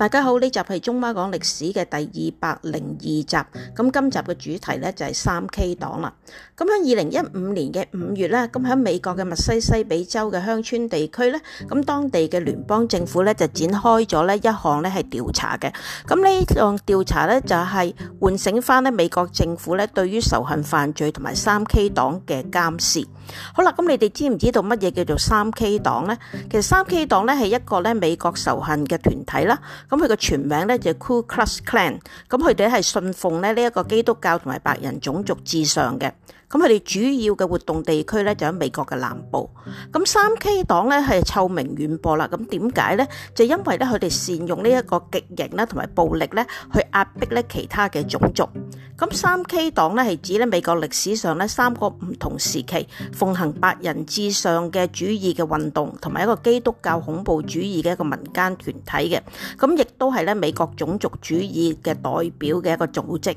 大家好，呢集係中馬講歷史嘅第二百零二集，咁今集嘅主題呢就係三 K 黨啦。咁喺二零一五年嘅五月呢，咁喺美國嘅密西西比州嘅鄉村地區呢，咁當地嘅聯邦政府呢就展開咗呢一項呢係調查嘅。咁呢項調查呢就係喚醒返呢美國政府呢對於仇恨犯罪同埋三 K 黨嘅監視。好啦，咁你哋知唔知道乜嘢叫做三 K 黨呢？其實三 K 黨呢係一個呢美國仇恨嘅團體啦。咁佢嘅全名咧就係 Ku Klux Klan，咁佢哋係信奉咧呢一個基督教同埋白人種族至上嘅，咁佢哋主要嘅活動地區咧就喺美國嘅南部。咁三 K 黨咧係臭名遠播啦，咁點解咧？就因為咧佢哋善用呢一個極刑啦同埋暴力咧去壓迫咧其他嘅種族。咁三 K 黨咧係指咧美國歷史上咧三個唔同時期奉行白人至上嘅主義嘅運動同埋一個基督教恐怖主義嘅一個民間團體嘅，咁。亦都係咧美國種族主義嘅代表嘅一個組織。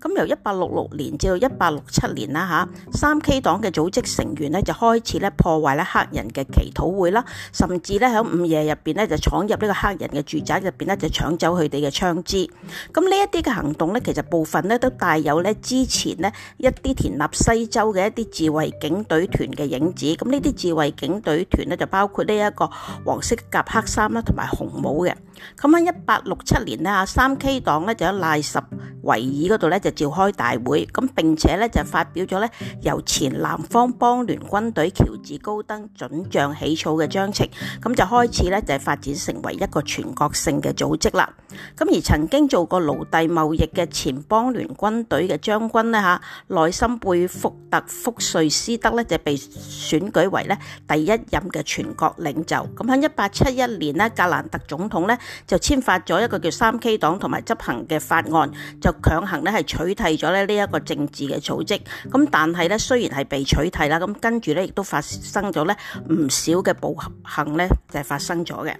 咁由一八六六年至到一八六七年啦，吓三 K 黨嘅組織成員咧就開始咧破壞咧黑人嘅祈禱會啦，甚至咧喺午夜入邊咧就闖入呢個黑人嘅住宅入邊咧就搶走佢哋嘅槍支。咁呢一啲嘅行動咧，其實部分咧都帶有咧之前呢一啲田納西州嘅一啲自衛警隊團嘅影子。咁呢啲自衛警隊團咧就包括呢一個黃色夾克衫啦，同埋紅帽嘅。咁喺一八六七年咧，吓三 K 黨咧就喺賴十維爾度咧就召開大會，咁並且咧就發表咗咧由前南方邦聯軍隊喬治高登准將起草嘅章程，咁就開始咧就發展成為一個全國性嘅組織啦。咁而曾經做過奴隸貿易嘅前邦聯軍隊嘅將軍咧吓，內森貝福特福瑞斯德咧就被選舉為咧第一任嘅全國領袖。咁喺一八七一年咧，格蘭特總統咧就簽發咗一個叫三 K 黨同埋執行嘅法案，就強行咧。係取替咗呢一個政治嘅組織，咁但係咧雖然係被取替啦，咁跟住咧亦都發生咗咧唔少嘅暴行咧就係發生咗嘅。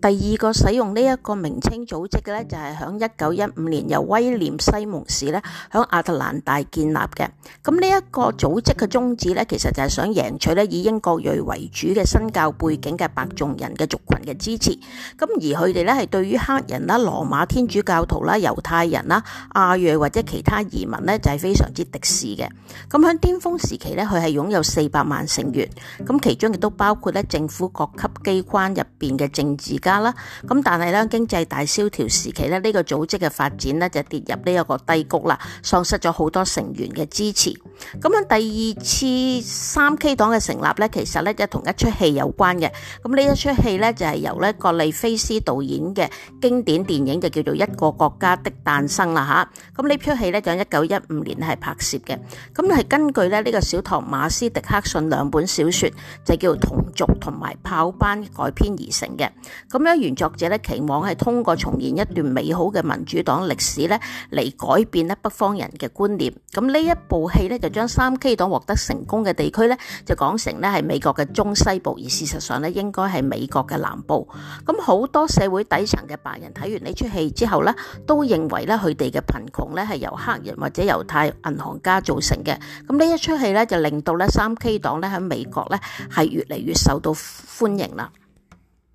第二個使用呢一個名稱組織嘅呢，就係響一九一五年由威廉西蒙士呢響亞特蘭大建立嘅。咁呢一個組織嘅宗旨呢，其實就係想贏取呢以英國裔為主嘅新教背景嘅白種人嘅族群嘅支持。咁而佢哋呢，係對於黑人啦、羅馬天主教徒啦、猶太人啦、亞裔或者其他移民呢，就係非常之敵視嘅。咁響巔峰時期呢，佢係擁有四百萬成員。咁其中亦都包括呢政府各級機關入邊嘅。政治家啦，咁但係咧經濟大蕭條時期咧，呢、這個組織嘅發展咧就跌入呢一個低谷啦，喪失咗好多成員嘅支持。咁樣第二次三 K 黨嘅成立咧，其實咧就同一出戲有關嘅。咁呢一出戲咧就係由咧格里菲斯導演嘅經典電影就叫做《一個國家的誕生》啦吓，咁呢出戲咧就喺一九一五年係係拍攝嘅，咁係根據咧呢個小唐馬斯迪克遜兩本小說就叫《同族》同埋《豹斑》改編而成嘅。咁樣，原作者咧期望係通過重現一段美好嘅民主黨歷史咧，嚟改變咧北方人嘅觀念。咁呢一部戲咧就將三 K 黨獲得成功嘅地區咧，就講成咧係美國嘅中西部，而事實上咧應該係美國嘅南部。咁好多社會底層嘅白人睇完呢出戲之後咧，都認為咧佢哋嘅貧窮咧係由黑人或者猶太銀行家造成嘅。咁呢一出戲咧就令到咧三 K 黨咧喺美國咧係越嚟越受到歡迎啦。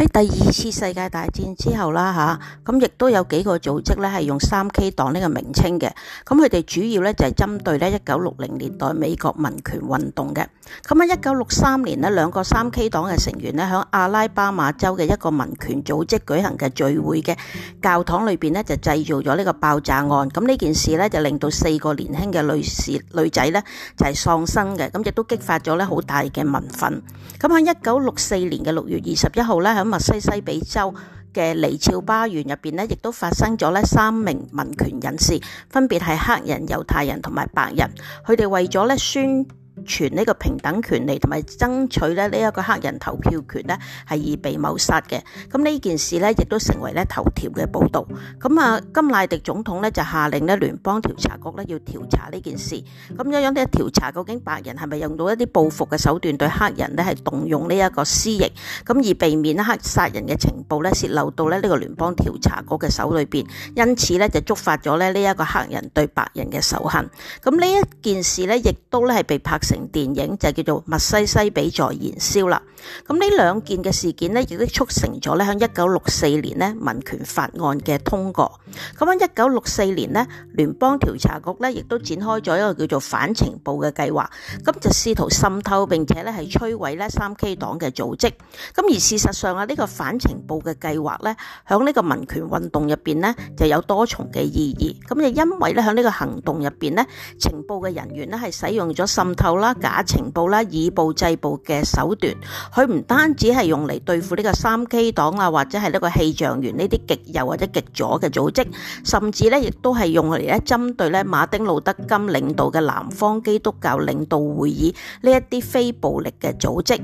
喺第二次世界大戰之後啦，嚇咁亦都有幾個組織咧，係用三 K 黨呢個名稱嘅。咁佢哋主要咧就係針對咧一九六零年代美國民權運動嘅。咁喺一九六三年呢，兩個三 K 黨嘅成員呢，喺阿拉巴馬州嘅一個民權組織舉行嘅聚會嘅教堂裏邊呢，就製造咗呢個爆炸案。咁呢件事呢，就令到四個年輕嘅女士女仔呢，就係喪生嘅。咁亦都激發咗呢好大嘅民憤。咁喺一九六四年嘅六月二十一號呢，密西西比州嘅尼喬巴縣入邊呢，亦都發生咗呢三名民權人士，分別係黑人、猶太人同埋白人，佢哋為咗呢宣傳呢個平等權利同埋爭取咧呢一個黑人投票權呢，係已被謀殺嘅，咁呢件事呢，亦都成為咧頭條嘅報道。咁啊，甘迺迪總統呢，就下令呢聯邦調查局咧要調查呢件事。咁樣樣咧調查究竟白人係咪用到一啲報復嘅手段對黑人呢係動用呢一個私刑，咁而避免黑殺人嘅情報呢洩漏到咧呢個聯邦調查局嘅手裏邊，因此呢，就觸發咗咧呢一個黑人對白人嘅仇恨。咁呢一件事呢，亦都咧係被拍。成電影就叫做《密西西比在燃燒》啦。咁呢兩件嘅事件呢，亦都促成咗咧喺一九六四年呢民權法案嘅通過。咁喺一九六四年呢，聯邦調查局呢，亦都展開咗一個叫做反情報嘅計劃，咁就試圖滲透並且咧係摧毀咧三 K 黨嘅組織。咁而事實上啊，呢、這個反情報嘅計劃呢，喺呢個民權運動入面呢，就有多重嘅意義。咁就因為咧喺呢個行動入面呢，情報嘅人員呢，係使用咗滲透。假情報以暴制暴嘅手段，佢唔單止係用嚟對付呢個三 K 黨啊，或者係呢個氣象員呢啲極右或者極左嘅組織，甚至呢亦都係用嚟呢針對呢馬丁路德金領導嘅南方基督教領導會議呢一啲非暴力嘅組織，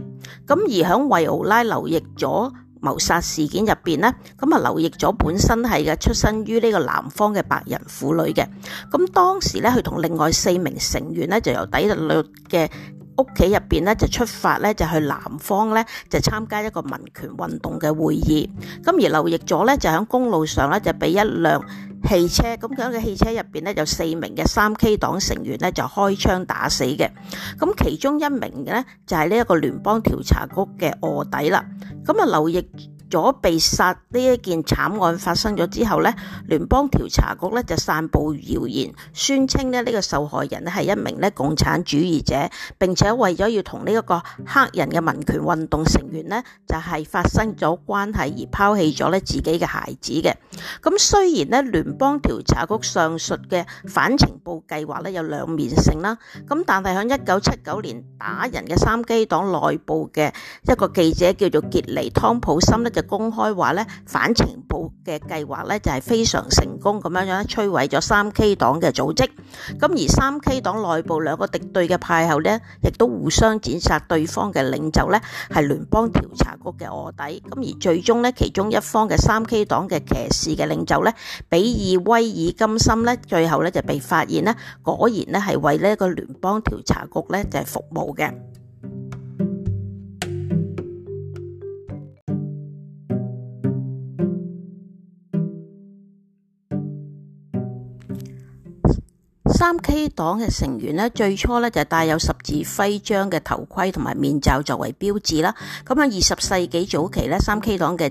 咁而響維奧拉留意咗。謀殺事件入邊呢，咁啊留意咗本身係嘅出身於呢個南方嘅白人婦女嘅，咁當時咧佢同另外四名成員咧就由底特律嘅。屋企入邊咧就出發咧就去南方咧就參加一個民權運動嘅會議，咁而劉易佐咧就喺公路上咧就俾一輛汽車咁樣嘅汽車入邊咧有四名嘅三 K 黨成員咧就開槍打死嘅，咁其中一名嘅咧就係呢一個聯邦調查局嘅卧底啦，咁啊劉易。咗被殺，呢一件慘案發生咗之後呢，聯邦調查局呢就散布謠言，宣稱呢個受害人呢係一名共產主義者，並且為咗要同呢一個黑人嘅民權運動成員呢，就係發生咗關係而拋棄咗呢自己嘅孩子嘅。咁雖然呢聯邦調查局上述嘅反情報計劃呢有兩面性啦，咁但係喺一九七九年打人嘅 3K 黨內部嘅一個記者叫做傑尼湯普森呢就公開話咧，反情報嘅計劃咧就係非常成功咁樣樣摧毀咗三 K 黨嘅組織。咁而三 K 黨內部兩個敵對嘅派後咧，亦都互相剪殺對方嘅領袖咧，係聯邦調查局嘅臥底。咁而最終咧，其中一方嘅三 K 黨嘅騎士嘅領袖咧，比爾威爾金森咧，最後咧就被發現咧，果然咧係為呢個聯邦調查局咧就係服務嘅。三 K 黨嘅成員咧，最初咧就戴有十字徽章嘅頭盔同埋面罩作為標誌啦。咁啊，二十世紀早期咧，三 K 黨嘅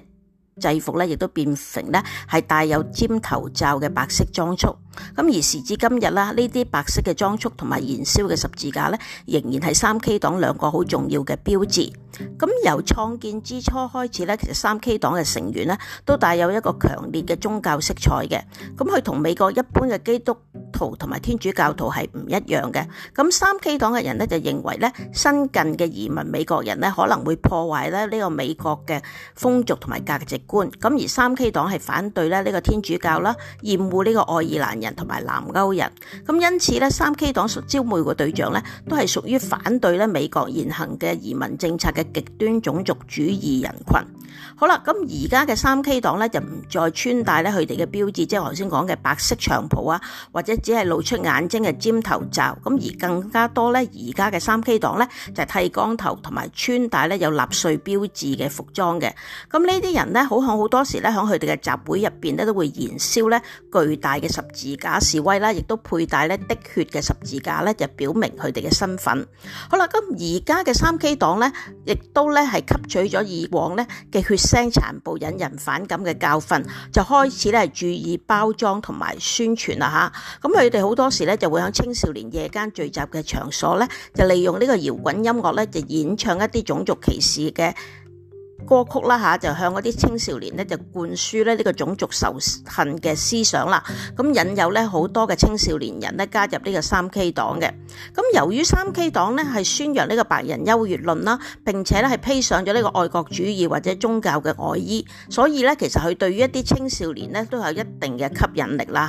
制服咧亦都變成咧係戴有尖頭罩嘅白色裝束。咁而時至今日啦，呢啲白色嘅裝束同埋燃燒嘅十字架咧，仍然係三 K 黨兩個好重要嘅標誌。咁由創建之初開始咧，其實三 K 黨嘅成員咧都帶有一個強烈嘅宗教色彩嘅。咁佢同美國一般嘅基督。同埋天主教徒係唔一樣嘅。咁三 K 黨嘅人咧就認為咧新近嘅移民美國人咧可能會破壞咧呢個美國嘅風俗同埋價值觀。咁而三 K 黨係反對咧呢個天主教啦，厭惡呢個愛爾蘭人同埋南歐人。咁因此咧，三 K 黨所招募嘅對象咧都係屬於反對咧美國現行嘅移民政策嘅極端種族主義人群。好啦，咁而家嘅三 K 黨咧就唔再穿戴咧佢哋嘅標誌，即係我頭先講嘅白色長袍啊，或者只係露出眼睛嘅尖頭罩。咁而更加多咧，而家嘅三 K 黨咧就係剃光頭同埋穿戴咧有納粹標誌嘅服裝嘅。咁呢啲人咧，好響好多時咧響佢哋嘅集會入邊咧都會燃燒咧巨大嘅十字架示威啦，亦都佩戴咧滴血嘅十字架咧，就表明佢哋嘅身份。好啦，咁而家嘅三 K 黨咧，亦都咧係吸取咗以往咧嘅。血腥殘暴引人反感嘅教訓，就開始咧注意包裝同埋宣傳啦吓，咁佢哋好多時咧就會喺青少年夜間聚集嘅場所咧，就利用呢個搖滾音樂咧就演唱一啲種族歧視嘅歌曲啦吓，就向嗰啲青少年咧就灌輸咧呢個種族仇恨嘅思想啦。咁引誘咧好多嘅青少年人咧加入呢個三 K 黨嘅。咁由於三 K 黨咧係宣揚呢個白人優越論啦，並且咧係披上咗呢個愛國主義或者宗教嘅外衣，所以咧其實佢對於一啲青少年咧都有一定嘅吸引力啦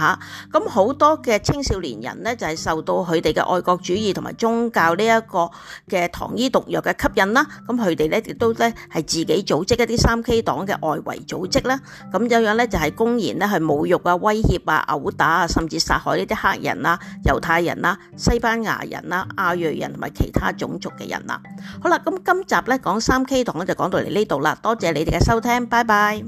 吓，咁好多嘅青少年人咧就係受到佢哋嘅愛國主義同埋宗教呢一個嘅糖衣毒藥嘅吸引啦。咁佢哋咧亦都咧係自己。組織一啲三 K 黨嘅外圍組織啦，咁有樣咧就係公然咧去侮辱啊、威脅啊、毆打啊，甚至殺害呢啲黑人啊、猶太人啦、西班牙人啦、亞裔人同埋其他種族嘅人啦。好啦，咁今集咧講三 K 黨就講到嚟呢度啦，多謝你哋嘅收聽，拜拜。